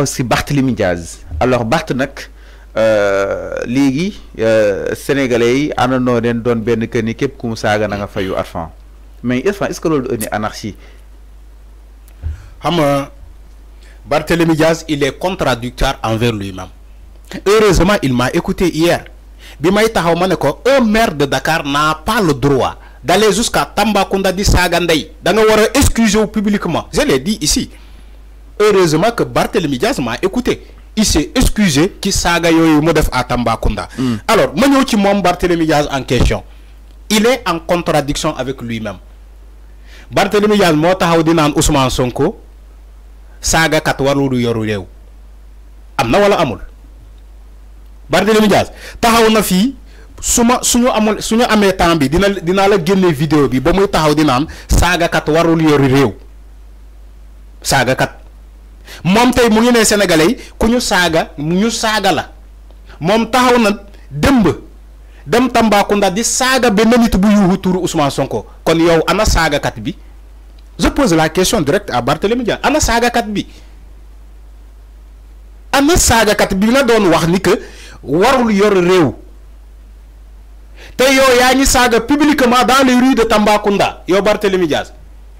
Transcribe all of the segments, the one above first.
aussi Barthélémy Diaz alors Barth nag euh, le euh, sénégalais yi àndandoo rien doon benn kër ni képp saaga mais est-ce que nous du une anarchie. xam nga Diaz il est contradictoire envers lui-même heureusement il m'a écouté hier bi may taxaw ma ko un maire de Dakar n'a pas le droit d'aller jusqu'à Tambacounda di saaga ndey da nga excuser publiquement je l'ai dit ici heureusement que Barthélemy Diaz m'a écouté il s'est excusé qui saga yooyu mu def à Tambacounda hmm. alors ma ñëw ci moom Barthélemy Diaz en question il est en contradiction avec lui-même Barthélemy Diaz moo taxaw di naan Ousmane Sonko saga warulu yoru réew Amna wala amul Barthélemy Diaz taxaw na fii su ma suñu amul suñu amé temps bi dina dinaa la génne vidéo bi ba muy taxaw di saga kat warul yoru saga kat moom tey mu ngi ne sénégalais ku ñu saaga ñu saaga la moom taxaw na dëmb dem Tambacounda di saaga benn nit bu yuuxu turu Ousmane Sonko kon yow ana saagakat bi je la question directe à Barthélémy Dias ana saagakat bi ana saagakat bi la doon wax ni que warul yor réew te yow yaa ngi saaga publiquement dans les rues de Tambacounda yow Barthélémy Dias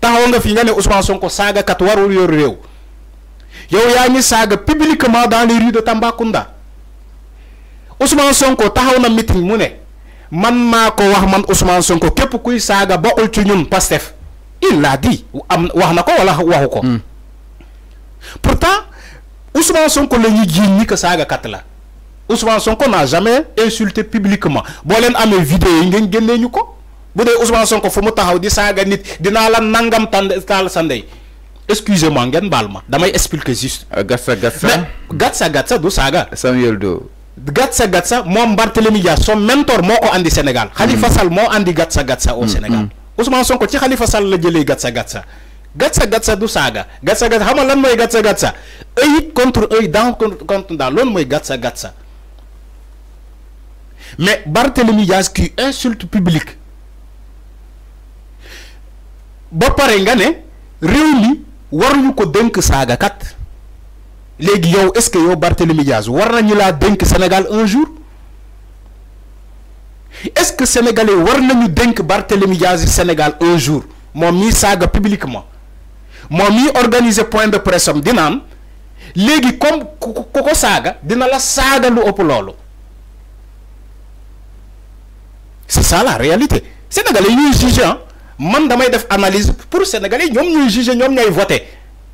taxaw nga fi nga ne Ousmane Sonko saagakat warul yor réew. yo ya ngi publiquement dans les rues de Tambacounda Ousmane Sonko taxaw na meeting mu man maa ko wax man Ousmane Sonko kep kuy saga bokkul ci ñun Pastef il l'a dit am wax nako wala waxuko hmm. pourtant Ousmane Sonko la ñuy ni que saga saagakat la Ousmane Sonko n'a jamais insulté publiquement boo leen vidéo yi ngeen génnee ñuko bu dé Ousmane Sonko fu mu taxaw di saga nit dina la nangam tan tal sa excusez-moi ngeen baal damay expliquer juste. Euh, gatsa gatsa mais gatsa gatsa du Saga. Samuel Do. gatsa gatsa mo Barthélémy Dias son mentor moi, andi Sénégal. Mm. Khalifa Sall moo andi gatsa gatsa au mm, Sénégal. Mm. Ousmane Sonko ci Khalifa Sall la jëlee gatsa gatsa. gatsa gatsa du Saga. gatsa gatsa comment nga lan gatsa gatsa œil contre œil dent contre dent loolu mooy gatsa gatsa mais Barthélémy Dias qui insulte public ba pare nga waruñu ko saga kat légui yow est-ce que yow Barthélémy Diaz war nañu la dénk Sénégal un jour est-ce que sénégalais war nañu dénk Barthélémy Diaz Sénégal un jour mom mii saga publiquement mom mi organiser point de presse am dina am comme koko ko saaga dina la saaga lu ëpp c'est ça la réalité sénégalais ñuy juge hein? man damay def analyse pour sénégalais yi ñoom ñuy juger ñoom ñooy voté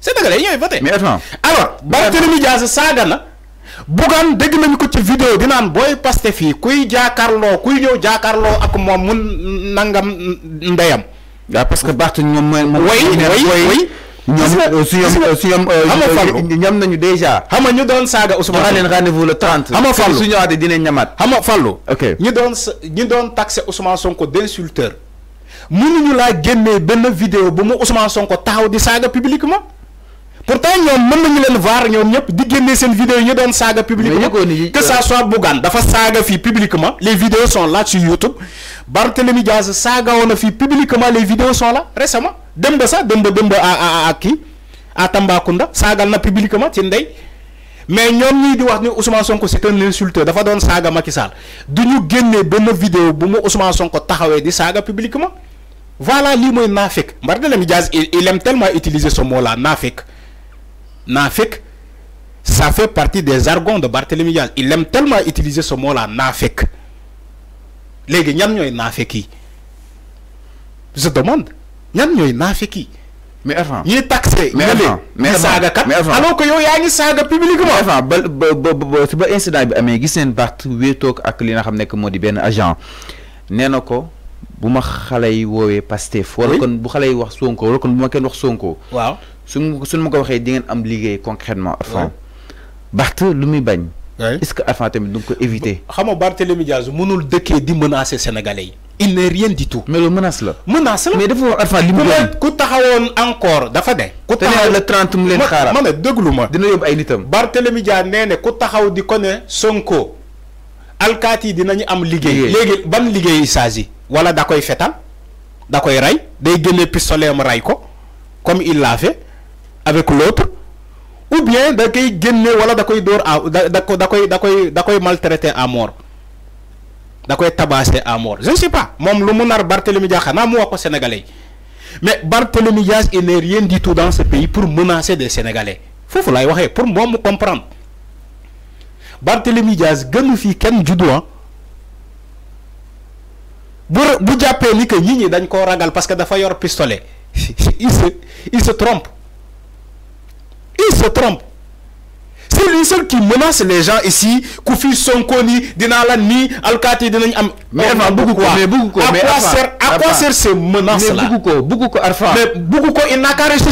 sénégalais yi ñooy voté. mais alors Barthélémy Dias saaga na Bougane dégg nañu ko ci vidéo di naan booy Pastef fii kuy jaakaarloo kuy ñëw jaakaarloo ak moom mun nangam ndeyam. waaw parce que Barth ñoom mooy. mooy ñoom su yom su yom ñam nañu déjà xama ñu doon saaga Ousmane on a leen rendez-vous le 30 xama fallu su ñëwaatee dinañ ñamaat xama fallu ok ñu doon ñu doon taxé Ousmane Sonko d'insulteur mënuñu la génnee benn vidéo bu mu Ousmane Sonko taxaw di saga publiquement pourtant ñom mën nañu leen voir ñom ñep di génnee seen vidéo ñi doon saga publiquement que ça euh, soit Bougane dafa saga fi publiquement les vidéos sont là sur YouTube Barthélémy Diaz saaga saga na fii publiquement les vidéos sont là récemment dem ba sax dem a a ba à à kii à na publiquement ci ndey mais ñom ñii di wax ni Ousmane Sonko c'est un insulteur dafa doon saga Macky Sall duñu ñu génnee vidéo bu mu Ousmane Sonko taxawé di saga publiquement voilà l'imoy nafek. naafeq Barthélémy Diaz il aime tellement utiliser ce mot là nafek. Nafek, ça fait partie des argons de Barthélémy Diaz il aime tellement utiliser ce mot là nafek. léegi ñan ñooy naafeq je demande ñan ñooy naafeq mais avant ñiy taxé. mais avant mais saaga kat alors que yow yaa ngi saaga publiquement. avant ba ba ba ba incident bi amee gis neen Barth wéetoog ak li nga xam nekk moo di agent nee na bu ma xale yi woowee Pastef wala kon bu xale yi wax Sonko wala kon bu ma kenn wax Sonko. waaw suñ suñ ma ko waxee di ngeen am liggéey concrètement Arfan Barth lu muy bañ. est-ce que Arfan tamit du ko éviter. xam nga Barthélémy Diaz mënul dëkkee di menacer sénégalais yi. il n'est rien du tout. mais loolu menace la. menace la mais dafa wax Arfan li mu doon ku taxawoon encore dafa ne. ma ma ne déglu ma. dina yóbbu ay nitam. Barthélémy Diaz nee ne ku taxaw di ko ne Sonko alkaati dinañu am liggéey. léegi ban liggéey yi wala da koy fetal da koy rey day génne pistolet am ray ko comme il l'a fait avec l'autre ou bien da koy génne wala da koy dóor à da da maltraiter à mort da koy tabasser à mort je ne sais pas mom lu mu nar Barthélémy Dias na mu wax sénégalais mais Barthélémy Dias il n'est rien du tout dans ce pays pour menacer des sénégalais fofu lay waxee pour mom me comprendre Barthélémy Dias gënu fi kenn doigt bu bu parce que pistolet il se trompe il se trompe c'est lui seul qui menace les gens ici Koufi mais mais mais à quoi sert ces menaces là mais il n'a qu'à rester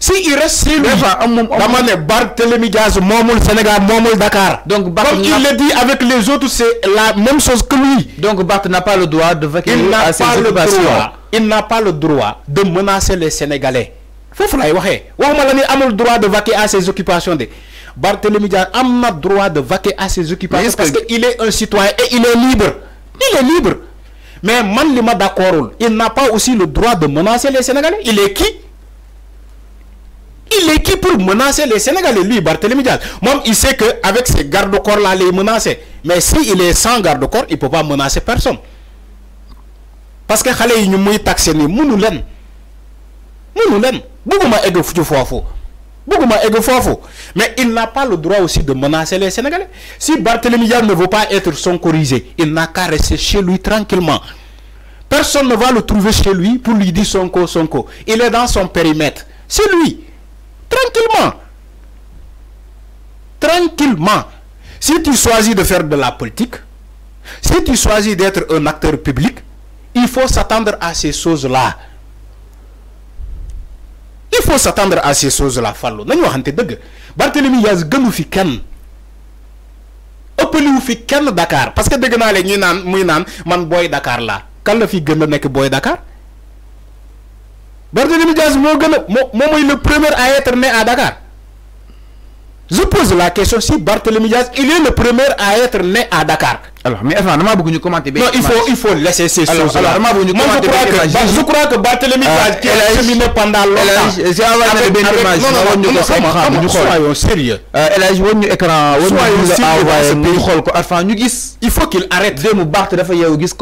si il reste chez lui dama Barthélemy Diaz Momoul Sénégal Momoul Dakar. donc Bart il le dit avec les autres c'est la même chose que lui. donc Barth n'a pas le droit de vaquer à ses occupations il n'a pas le droit de menacer les Sénégalais foofu lay waxee waxuma la ni droit de vaquer à ses occupations de Barthélemy Diaz A le droit de vaquer à ses occupations parce que il est un citoyen et il est libre il est libre mais man ma il n'a pas aussi le droit de menacer les Sénégalais il est qui il est qui pour menacer les Sénégalais Lui, Barthélémy Diaz. Même il sait qu'avec ses gardes-corps-là, les menacer. Mais s'il est sans garde-corps, il ne peut pas menacer personne. Parce que les gens sont taxés, ils ne Ils ne mais il n'a pas le droit aussi de menacer les Sénégalais. Si Barthélémy ne veut pas être soncorisé, il n'a qu'à rester chez lui tranquillement. Personne ne va le trouver chez lui pour lui dire son sonko. Il est dans son périmètre. C'est lui. Tranquillement. Tranquillement. Si tu choisis de faire de la politique, si tu choisis d'être un acteur public, il faut s'attendre à ces choses-là. Il faut s'attendre à ces choses-là, Fallo. Barthélemy Yaz Dakar parce que man boy Dakar là boy Dakar? Barthélémy Diaz est le premier à être né à Dakar je pose la question si Barthélémy Diaz il est le premier à être né à Dakar. alors mais enfin, ne bëgg commenter. non il faut laisser ces choses je crois que Barthélémy euh, Diaz. qui a pendant longtemps. j'ai à Dakar. image sérieux. Euh, écran il faut qu'il arrête. Diaz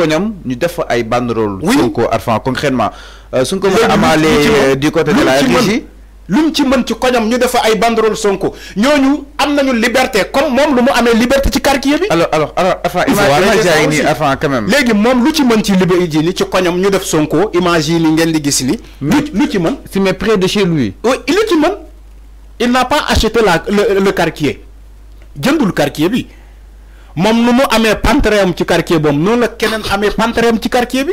concrètement euh, suñ ko euh, du côté de la régie lu ci mën ci koñam ñu ay banderole Sonko ñoñu am liberté comme mom lu mu liberté ci quartier bi. alors alors alors enfin, quand même. légui mom lu ci mën ci liberté ni ci koñam ñu def Sonko imagine ngeen ni près de chez lui. oui lu il n'a pas acheté le le quartier jëndul quartier bi mom nu mu amé ci quartier non la kenen amé ci quartier bi.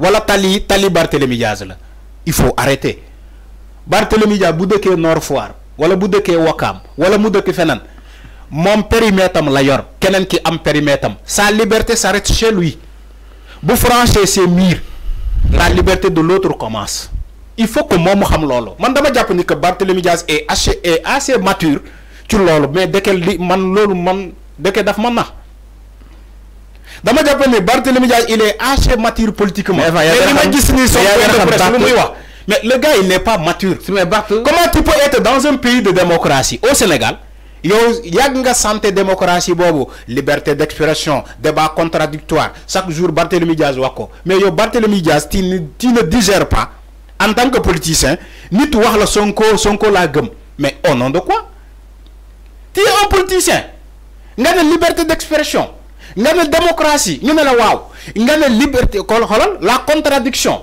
Voilà, tali tali Barthélemy Diaz il faut arrêter Barthélemy Diaz bu dëkkee Nord Foire wala bu dëkkee Wakam, wala mu dëkk feneen Mon périmètre am la yor qui ki am périmètre sa liberté s'arrête chez lui bu franchir ses murs la liberté de l'autre commence il faut que mon mu xam loolu man dama ni que Barthélemy Diaz est assez est assez mature ci loolu mais dès li man loolu man dëkk daf dama jàpp ne il est assez mature politiquement. mais le gars il n'est pas mature. comment tu peux être dans un pays de démocratie au Sénégal. il y a une santé démocratie bobo liberté d'expression débat contradictoire chaque jour Barthélémy Diaz wako mais yo barthélemy Diaz tu ne tu digères pas en tant que politicien nit wax la Sonko Sonko la gëm mais au nom de quoi tu es un politicien nga liberté d'expression nga la démocratie ñu ne la waaw nga ne liberté kon la contradiction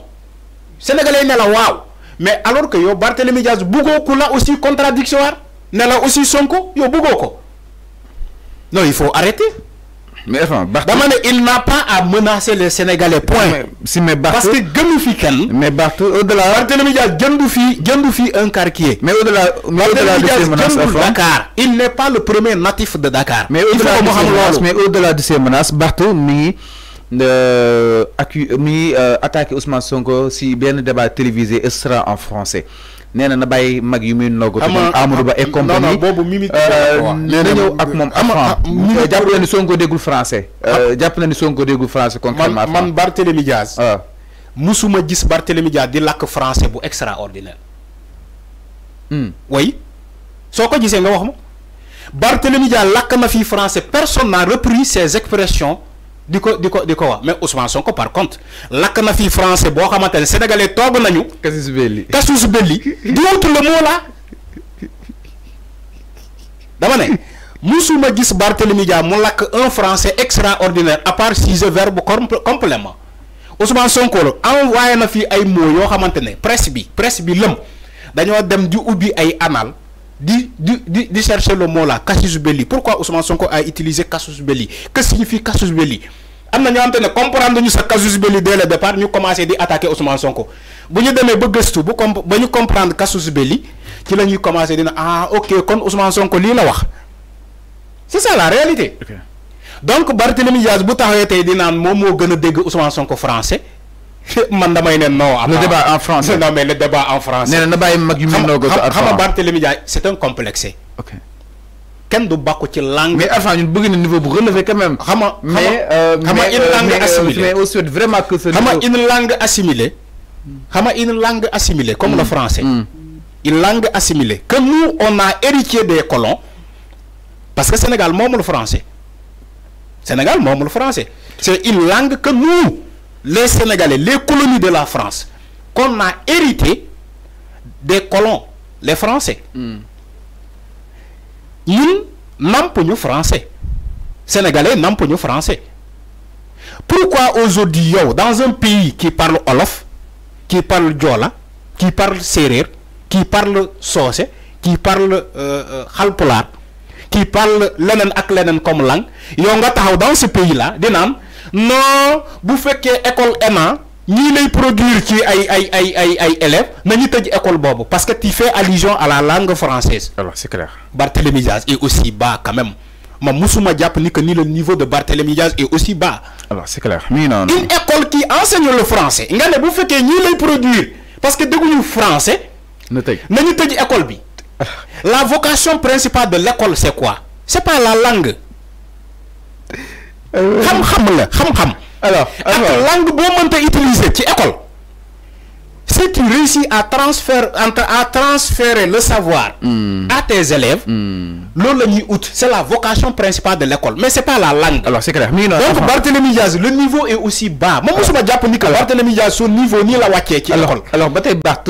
sénégalais ne la waaw mais alors que yow Barthélémy Diaz médias, ku la aussi contradictoire ne la aussi Sonko yo bugoko. ko non il faut arrêter mais enfin il n'a pas à menacer les sénégalais point. si mais Barthé parce que gënu fi mais Barthé au delà. Barthélémy Dias jëndu fi un quartier. mais au delà au delà de ces menaces Dakar. il n'est pas le premier natif de Dakar. mais au delà de ces menaces mais au de ces menaces Barthé mi Euh, accu, euh, attaqué Ousmane Sonko si bien débat télévisé sera en français nena na baye mag yu muy nogu Amadou Ba et compagnie je suis mimi. ak mom avant. jàpp na ni Sonko déggul français. Euh, japp na ni Sonko déggul français. concrètement man man Diaz. Euh. musuma gis Barthélémy Diaz di làkk français bu extraordinaire. way hmm. oui ko gisé nga wax ma Barthélémy Diaz làkk na fi français personne n'a repris ses expressions di ko di ko mais Ousmane Sonko par contre la na français boo xamante sénégalais toog nañu. Casus Belli Casus Belli di le mot là dama né musuma gis Barthélemy Dia mu lakk un français extraordinaire à part six verbe complément Ousmane Sonko la envoyé na fi ay mots yo xamantene presse bi presse bi lem dañoo dem di ubbi ay anal Dis, dis, dis, chercher le mot là, Cassius Belli. Pourquoi Ousmane Sonko a utilisé Cassius Belli Que signifie Cassius Belli Amna ñu amtene comprendre ñu sa Cassius Belli dès le départ, ñu commencé di attaquer Ousmane Sonko. Bu ñu démé ba gëstu bu ba comprendre Cassius Belli, ci lañuy commencé dina ah OK kon Ousmane Sonko li la wax. C'est ça la réalité. Donc Barthélémy Diaz bu taxawé tay di le mom mo gëna dégg Ousmane Sonko français. man le débat en France. non mais le débat en France c'est un complexe. ok kenn du bàkku langue. mais enfin ñun bëgg na niveau bu relevé quand même. mais euh, une langue assimilée mais on vraiment une langue assimilée. une langue assimilée comme le mm. français. Mm. une langue assimilée que nous on a hérité des colons parce que Sénégal le français Sénégal le français c'est une langue que nous les Sénégalais, les colonies de la France, qu'on a hérité des colons, les Français. n'ont pas de français. Sénégalais de français. Pourquoi aujourd'hui, dans un pays qui parle Olof, qui parle Djola, qui parle Serer, qui parle Sosé, qui parle euh, euh qui parle Lenen ak comme langue, et on dans ce pays-là, des noms, non vous faites école l'école ñii lay produire ci ay ay ay ay ay élèves nañu tëj école bobo parce que tu fais allusion à la langue française. alors c'est clair. Barthélémy est aussi bas quand même ma musuma jàpp ni que ni le niveau de Barthélémy est aussi bas. alors c'est clair. une école qui enseigne le français nga ne des bouffées ñii lay produire parce que êtes français. na faites nañu tëj école bi. la vocation principale de l'école c'est quoi c'est pas la langue xam-xam la xam-xam. alors ak langue boo mënta utiliser ci école. si tu réussis à transférer entre à transférer le savoir. Hmm. à tes élèves. Hmm. loolu la ñuy ut c'est la vocation principale de l'école mais c'est pas la langue. alors c'est clair donc Barthélémy Diaz le niveau est aussi bas. moom mosuma jàpp ni que Barthélémy Diaz son niveau nii la wàccee. ci école alors ba tey Barth.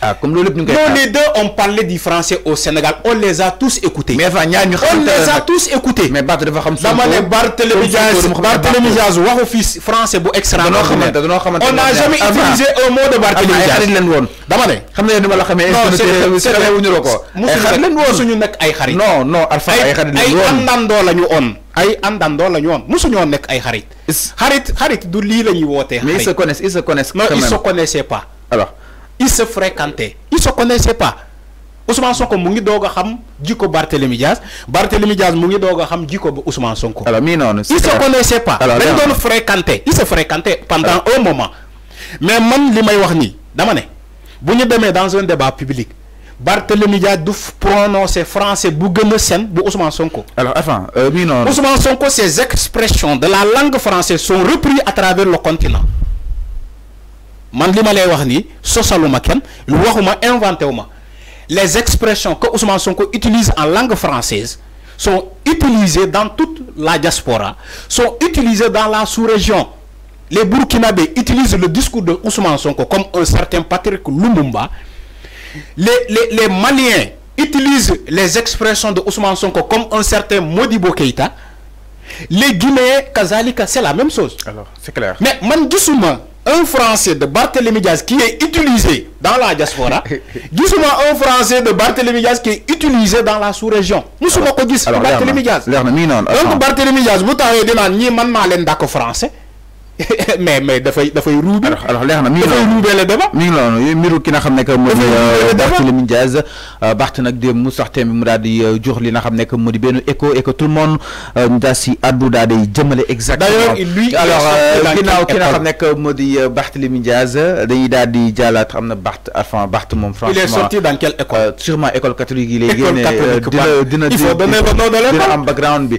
Ah, les deux ont parlé du français au Sénégal. On les a tous écoutés. on les a tous écoutés. Mais français extraordinaire. On n'a jamais utilisé un mot de Non, Alpha, se connaissent ils se connaissent. ils se connaissaient pas ils se fréquentaient ils se connaissaient pas Ousmane Sonko mu doga xam jiko Barthélemy Diaz Barthélemy Diaz mu doga xam jiko Ousmane Sonko. alors ils se connaissaient pas. alors doon fréquenter ils se fréquentaient pendant un moment. mais man limay wax ni dama né bu ñu dans un débat public Barthélemy Diaz du prononcer français bu gën sein sen bu Ousmane Sonko. alors enfin, euh, mii non Ousmane Sonko ses expressions de la langue française sont repris à travers le continent les expressions que Ousmane Sonko utilise en langue française sont utilisées dans toute la diaspora sont utilisées dans la sous-région les Burkinabés utilisent le discours de Ousmane Sonko comme un certain Patrick Lumumba les Maliens utilisent les expressions de Ousmane Sonko comme un certain Modibo Keïta les Guinéens kazalika c'est la même chose. alors c'est clair mais man un Français de Barthélémy Gaz qui est utilisé dans la diaspora, Dis-moi un Français de Barthélémy Gaz qui est utilisé dans la sous-région. nous sommes Barthélémy Diaz. donc français. mais mais da dafay dafay ruube. alors alors leer na mi ngi noonu le dama mi ngi noonu yooyu mbiru ki nga xamné ne que moo di euh, Barthélémy bart nak nag démb mu sax tamit mu daal euh, jox li nga xamné ne que moo di benn écho et que tout le monde euh, ñu daal si addu daal di jëmale. exactement alors ginnaaw ki nga xamné ne que moo di Barthélémy Diaz dañuy daal di jàllaat xamna bart Barth enfin Barth moom. franchement il est sorti dans quelle école. sûrement école catholique yi lay génne. école catholique dina dina dina am background bi.